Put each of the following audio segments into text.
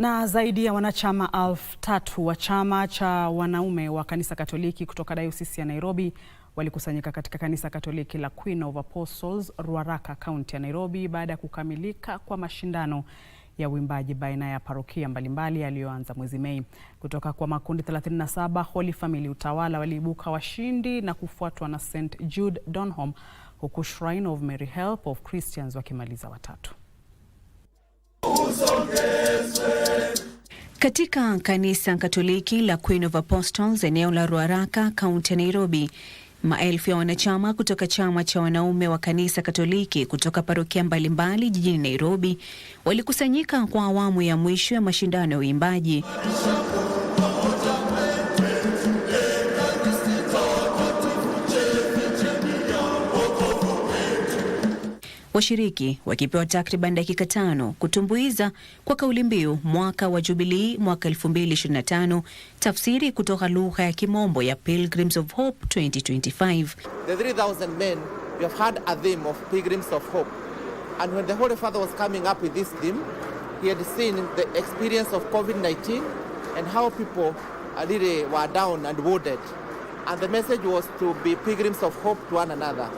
Na zaidi ya wanachama elfu tatu wa chama cha wanaume wa kanisa Katoliki kutoka Dayosisi ya Nairobi walikusanyika katika kanisa Katoliki la Queen of Apostles, Ruaraka, kaunti ya Nairobi baada ya kukamilika kwa mashindano ya uimbaji baina ya parokia mbalimbali yaliyoanza mwezi Mei. Kutoka kwa makundi 37, Holy Family Utawala waliibuka washindi na kufuatwa na St Jude Donholm, huku Shrine of Mary Help of Christians wakimaliza watatu. Katika kanisa Katoliki la Queen of Apostles eneo la Ruaraka, kaunti ya Nairobi, maelfu ya wanachama kutoka chama cha wanaume wa kanisa Katoliki kutoka parokia mbalimbali jijini Nairobi walikusanyika kwa awamu ya mwisho ya mashindano ya uimbaji washiriki wakipewa takriban dakika tano kutumbuiza kwa kauli mbiu mwaka wa Jubilii mwaka 2025, tafsiri kutoka lugha ya Kimombo ya Pilgrims of Hope 2025. The 3000 men we have had a theme of Pilgrims of Hope and when the Holy Father was coming up with this theme he had seen the experience of COVID-19 and how people uh, really were down and wounded and the message was to be pilgrims of hope to one another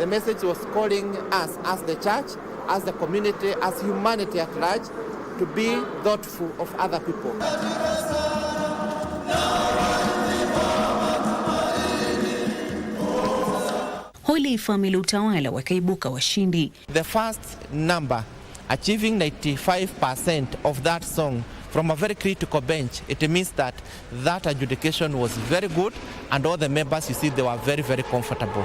The message was calling us as the church, as the community, as humanity at large to be thoughtful of other people. Holy Family Utawala wakaibuka washindi. The first number achieving 95% of that song from a very critical bench it means that that adjudication was very good and all the members you see they were very very comfortable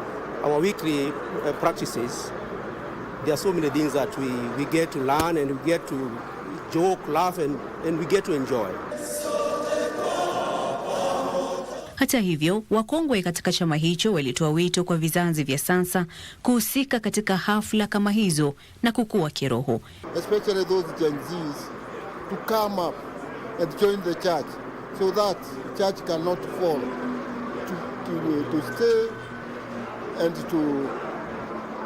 our weekly uh, practices, there are so many things that we, we get to learn and we get to joke, laugh and, and we get to enjoy. Hata hivyo wakongwe katika chama hicho walitoa wito kwa vizazi vya sasa kuhusika katika hafla kama hizo na kukua kiroho. Especially those Gen Zs to come up and join the church so that church cannot fall to, to, to stay and to,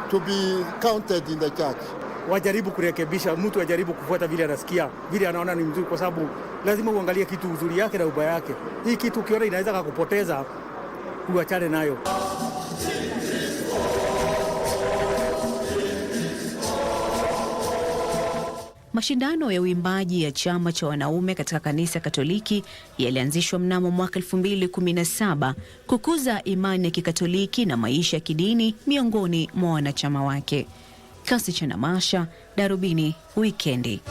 to be counted in the church. Wajaribu kurekebisha, mtu ajaribu kufuata vile anasikia, vile anaona ni mzuri, kwa sababu lazima uangalie kitu uzuri yake na ubaya yake. Hii kitu ukiona inaweza kukupoteza, uachane nayo. Mashindano ya uimbaji ya chama cha wanaume katika kanisa Katoliki yalianzishwa mnamo mwaka 2017 kukuza imani ya Kikatoliki na maisha ya kidini miongoni mwa wanachama wake. Kasi cha Namasha, Darubini Wikendi.